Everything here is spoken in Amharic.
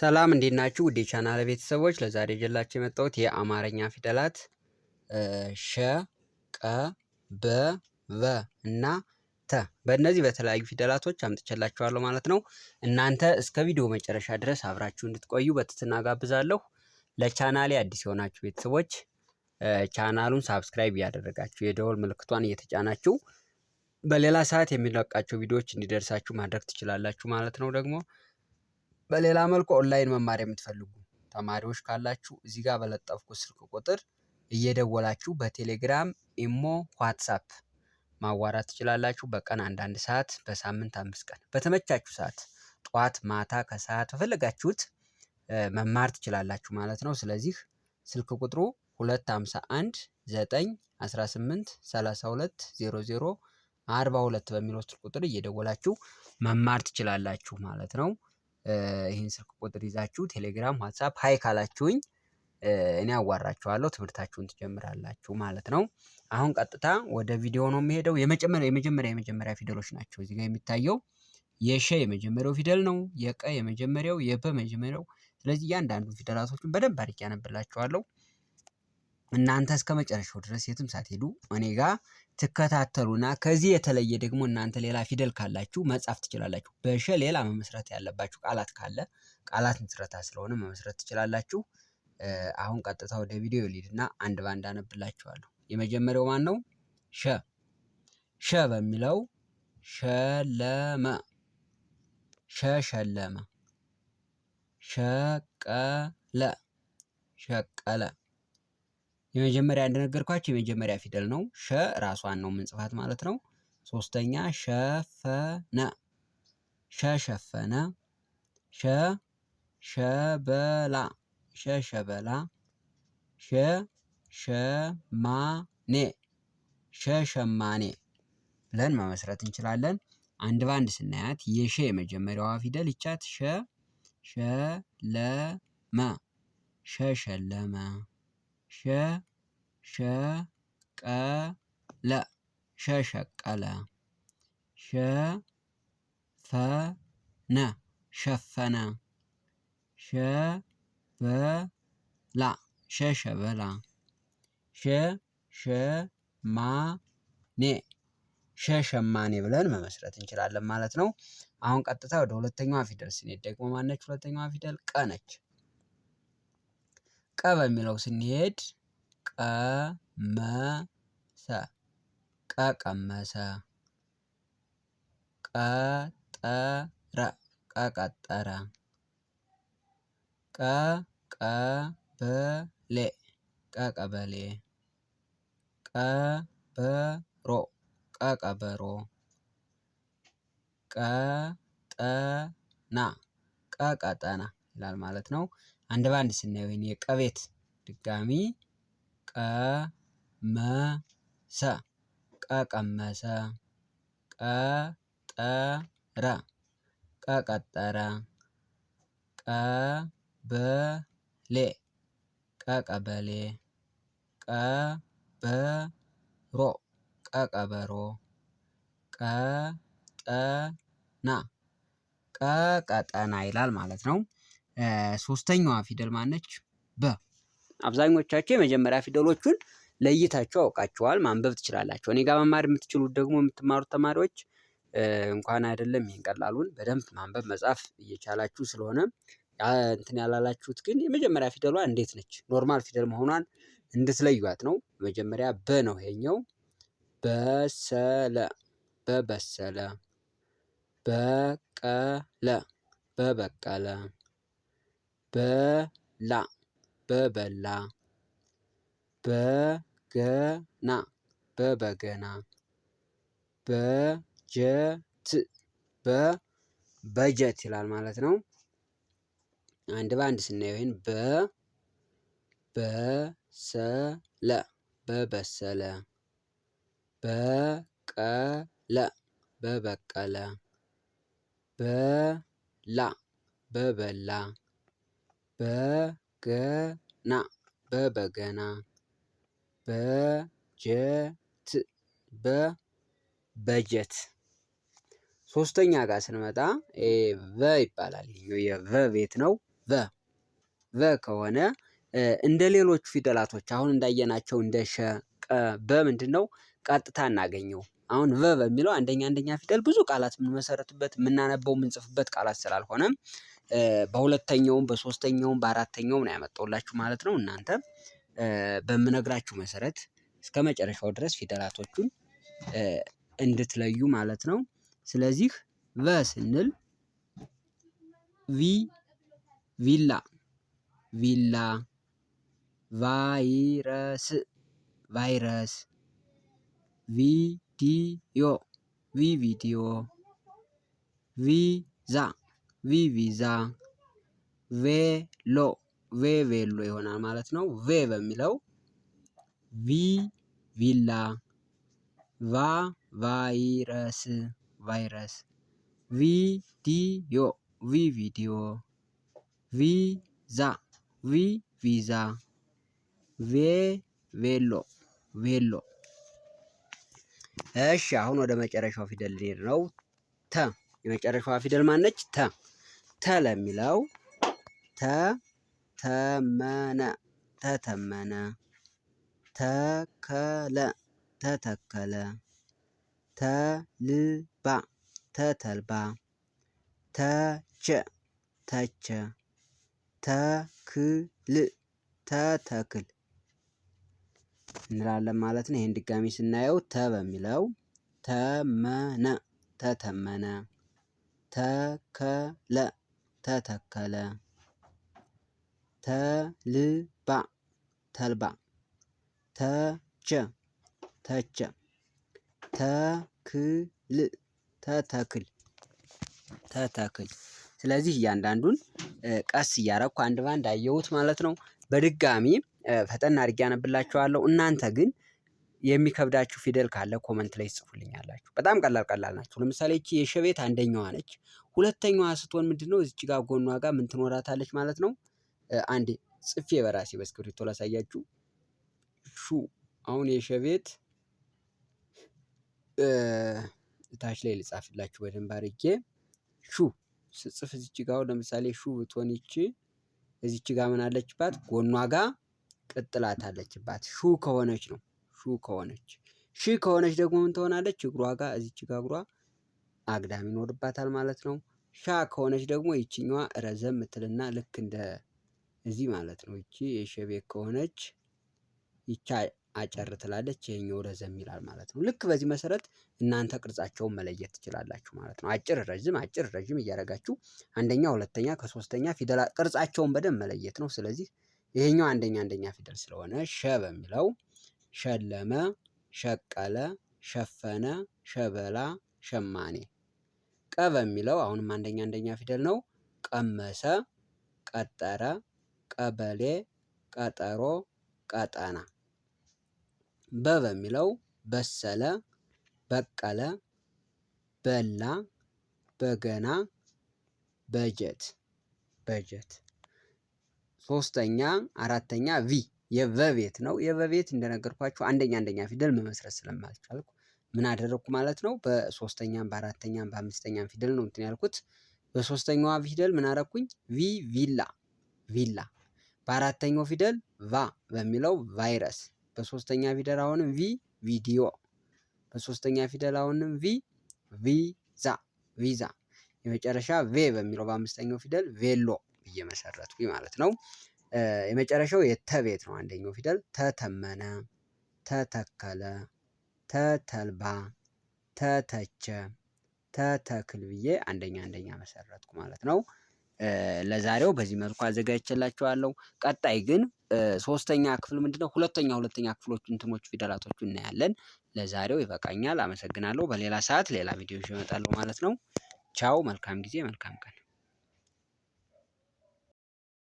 ሰላም እንዴት ናችሁ? ውዴ ቻናል ቤተሰቦች፣ ለዛሬ ጀላችሁ የመጣሁት የአማርኛ ፊደላት ሸ፣ ቀ፣ በ፣ ቨ እና ተ በእነዚህ በተለያዩ ፊደላቶች አምጥቼላችኋለሁ ማለት ነው። እናንተ እስከ ቪዲዮ መጨረሻ ድረስ አብራችሁ እንድትቆዩ በትህትና ጋብዛለሁ። ለቻናሌ አዲስ የሆናችሁ ቤተሰቦች ቻናሉን ሳብስክራይብ እያደረጋችሁ የደወል ምልክቷን እየተጫናችሁ በሌላ ሰዓት የሚለቃቸው ቪዲዮዎች እንዲደርሳችሁ ማድረግ ትችላላችሁ ማለት ነው ደግሞ በሌላ መልኩ ኦንላይን መማር የምትፈልጉ ተማሪዎች ካላችሁ እዚህ ጋር በለጠፍኩት ስልክ ቁጥር እየደወላችሁ በቴሌግራም፣ ኢሞ፣ ዋትሳፕ ማዋራት ትችላላችሁ። በቀን አንዳንድ ሰዓት በሳምንት አምስት ቀን በተመቻችሁ ሰዓት ጠዋት፣ ማታ፣ ከሰዓት በፈለጋችሁት መማር ትችላላችሁ ማለት ነው። ስለዚህ ስልክ ቁጥሩ 251 9 18 32 00 42 በሚለው ስልክ ቁጥር እየደወላችሁ መማር ትችላላችሁ ማለት ነው። ይህን ስልክ ቁጥር ይዛችሁ ቴሌግራም፣ ዋትሳፕ ሀይ ካላችሁኝ እኔ አዋራችኋለሁ ትምህርታችሁን ትጀምራላችሁ ማለት ነው። አሁን ቀጥታ ወደ ቪዲዮ ነው የሚሄደው። የመጀመሪያ የመጀመሪያ የመጀመሪያ ፊደሎች ናቸው እዚጋ የሚታየው የሸ የመጀመሪያው ፊደል ነው። የቀ የመጀመሪያው፣ የበ መጀመሪያው። ስለዚህ እያንዳንዱ ፊደላቶችን በደንብ አድርጌ አነብላችኋለሁ። እናንተ እስከ መጨረሻው ድረስ የትም ሳትሄዱ እኔ ጋር ትከታተሉና ከዚህ የተለየ ደግሞ እናንተ ሌላ ፊደል ካላችሁ መጻፍ ትችላላችሁ። በሸ ሌላ መመስረት ያለባችሁ ቃላት ካለ ቃላት ምስረታ ስለሆነ መመስረት ትችላላችሁ። አሁን ቀጥታ ወደ ቪዲዮ ሊድና አንድ ባንድ አነብላችኋለሁ። የመጀመሪያው ማን ነው? ሸ ሸ በሚለው ሸለመ፣ ሸሸለመ፣ ሸቀለ፣ ሸቀለ የመጀመሪያ እንደነገርኳቸው የመጀመሪያ ፊደል ነው። ሸ ራሷን ነው ምንጽፋት ማለት ነው። ሶስተኛ ሸፈነ፣ ሸሸፈነ ሸሸበላ ሸ ሸበላ፣ ሸሸማኔ ሸ ሸማኔ፣ ብለን መመስረት እንችላለን። አንድ በአንድ ስናያት የሸ የመጀመሪያዋ ፊደል ይቻት ሸ ሸለመ፣ ሸሸለመ፣ ሸ ሸቀለ ሸሸቀለ ሸፈነ ሸፈነ ሸበላ ሸሸበላ ሸሸማኔ ሸሸማኔ ብለን መመስረት እንችላለን ማለት ነው። አሁን ቀጥታ ወደ ሁለተኛዋ ፊደል ስንሄድ ደግሞ ማነች? ሁለተኛዋ ፊደል ቀ ነች። ቀ በሚለው ስንሄድ ቀመሰ ቀቀመሰ ቀጠረ ቀቀጠረ ቀቀበሌ ቀቀበሌ ቀበሮ ቀቀበሮ ቀጠና ቀቀጠና ይላል ማለት ነው። አንድ በአንድ ስናየው የቀቤት ድጋሚ ቀመሰ ቀቀመሰ ቀጠረ ቀቀጠረ ቀበሌ ቀቀበሌ ቀበሮ ቀቀበሮ ቀጠና ቀቀጠና ይላል ማለት ነው። ሶስተኛዋ ፊደል ማነች? በ አብዛኞቻቸው የመጀመሪያ ፊደሎቹን ለይታቸው አውቃቸዋል ማንበብ ትችላላቸው። እኔ ጋር መማር የምትችሉት ደግሞ የምትማሩት ተማሪዎች እንኳን አይደለም ይህን ቀላሉን በደንብ ማንበብ መጻፍ እየቻላችሁ ስለሆነ እንትን ያላላችሁት ግን የመጀመሪያ ፊደሏ እንዴት ነች ኖርማል ፊደል መሆኗን እንድትለዩት ነው። መጀመሪያ በ ነው ይሄኛው በሰለ በበሰለ በቀለ በበቀለ በላ በበላ በገና በበገና በጀት በበጀት ይላል ማለት ነው። አንድ በአንድ ስናየው ይህን በ በሰለ በበሰለ በቀለ በበቀለ በላ በበላ በ በገና በበገና በጀት በበጀት ሶስተኛ ጋር ስንመጣ ቨ ይባላል። የቨ ቤት ነው። ቨ ቨ ከሆነ እንደ ሌሎቹ ፊደላቶች አሁን እንዳየናቸው እንደ ሸ፣ ቀ፣ በ ምንድን ነው ቀጥታ እናገኘው። አሁን ቨ በሚለው አንደኛ አንደኛ ፊደል ብዙ ቃላት የምንመሰረትበት የምናነበው የምንጽፍበት ቃላት ስላልሆነ በሁለተኛውም በሶስተኛውም በአራተኛውም ነው ያመጣሁላችሁ ማለት ነው። እናንተ በምነግራችሁ መሰረት እስከ መጨረሻው ድረስ ፊደላቶቹን እንድትለዩ ማለት ነው። ስለዚህ ቨ ስንል ቪ ቪላ ቪላ ቫይረስ ቫይረስ ቪዲዮ ቪ ቪዲዮ ቪዛ ቪቪዛ ቬሎ ቬ ቬሎ ይሆናል ማለት ነው። ቬ በሚለው ቪ ቪላ ቫ ቫይረስ ቫይረስ ቪዲዮ ቪ ቪዲዮ ቪዛ ቪ ቪዛ ቬ ቬሎ ቬሎ። እሺ አሁን ወደ መጨረሻው ፊደል ልሄድ ነው። ተ የመጨረሻዋ ፊደል ማነች? ተ ተ ለሚለው ተ ተመነ ተተመነ ተከለ ተተከለ ተልባ ተተልባ ተቸ ተቸ ተክል ተተክል እንላለን ማለት ነው። ይህን ድጋሚ ስናየው ተ በሚለው ተመነ ተተመነ ተከለ ተተከለ። ተልባ ተልባ ተቸ ተቸ ተክል ተተክል ተተክል። ስለዚህ እያንዳንዱን ቀስ እያረኩ አንድ ባንድ አየሁት ማለት ነው። በድጋሚ ፈጠን አድርጌ አነብላችኋለሁ። እናንተ ግን የሚከብዳችሁ ፊደል ካለ ኮመንት ላይ ጽፉልኛላችሁ። በጣም ቀላል ቀላል ናቸው። ለምሳሌ እቺ የሸቤት አንደኛዋ ነች። ሁለተኛዋ ስትሆን ምንድን ነው እዚች ጋር ጎኗ ጋር ምን ትኖራታለች ማለት ነው። አንዴ ጽፌ በራሴ በእስክሪብቶ ላሳያችሁ። ሹ አሁን የሸቤት ታች ላይ ልጻፍላችሁ በደንብ አድርጌ ሹ ስጽፍ እዚች ጋው ለምሳሌ ሹ ብትሆን ይቺ እዚች ጋ ምን አለችባት? ጎኗ ጋ ቅጥላት አለችባት። ሹ ከሆነች ነው ሹ ከሆነች ሺ ከሆነች ደግሞ ምን ትሆናለች? እግሯ ጋር እዚች ጋ እግሯ አግዳም ይኖርባታል ማለት ነው። ሻ ከሆነች ደግሞ ይችኛዋ ረዘም ምትልና ልክ እንደ እዚህ ማለት ነው። ይቺ የሸቤ ከሆነች ይቻ አጨር ትላለች፣ ይሄኛው ረዘም ይላል ማለት ነው። ልክ በዚህ መሰረት እናንተ ቅርጻቸውን መለየት ትችላላችሁ ማለት ነው። አጭር ረዥም፣ አጭር ረዥም እያደረጋችሁ አንደኛ፣ ሁለተኛ ከሶስተኛ ፊደል ቅርጻቸውን በደንብ መለየት ነው። ስለዚህ ይሄኛው አንደኛ አንደኛ ፊደል ስለሆነ ሸ በሚለው ሸለመ፣ ሸቀለ፣ ሸፈነ፣ ሸበላ፣ ሸማኔ። ቀ በሚለው አሁንም አንደኛ አንደኛ ፊደል ነው። ቀመሰ፣ ቀጠረ፣ ቀበሌ፣ ቀጠሮ፣ ቀጠና። በ በሚለው በሰለ፣ በቀለ፣ በላ፣ በገና፣ በጀት በጀት። ሶስተኛ አራተኛ ቪ የበቤት ነው። የበቤት እንደነገርኳችሁ አንደኛ አንደኛ ፊደል መመስረት ስለማልቻልኩ ምን አደረግኩ ማለት ነው። በሶስተኛም በአራተኛም በአምስተኛም ፊደል ነው እንትን ያልኩት። በሶስተኛዋ ፊደል ምን አረኩኝ? ቪ ቪላ ቪላ። በአራተኛው ፊደል ቫ በሚለው ቫይረስ። በሶስተኛ ፊደል አሁንም ቪ ቪዲዮ። በሶስተኛ ፊደል አሁንም ቪ ቪዛ ቪዛ። የመጨረሻ ቬ በሚለው በአምስተኛው ፊደል ቬሎ ብዬ መሰረትኩኝ ማለት ነው። የመጨረሻው የተ ቤት ነው። አንደኛው ፊደል ተተመነ፣ ተተከለ፣ ተተልባ፣ ተተቸ፣ ተተክል ብዬ አንደኛ አንደኛ መሰረትኩ ማለት ነው። ለዛሬው በዚህ መልኩ አዘጋጅቼላችኋለሁ። ቀጣይ ግን ሶስተኛ ክፍል ምንድነው? ሁለተኛ ሁለተኛ ክፍሎች እንትኖች ፊደላቶቹ እናያለን። ለዛሬው ይበቃኛል። አመሰግናለሁ። በሌላ ሰዓት ሌላ ቪዲዮ ይመጣለሁ ማለት ነው። ቻው። መልካም ጊዜ፣ መልካም ቀን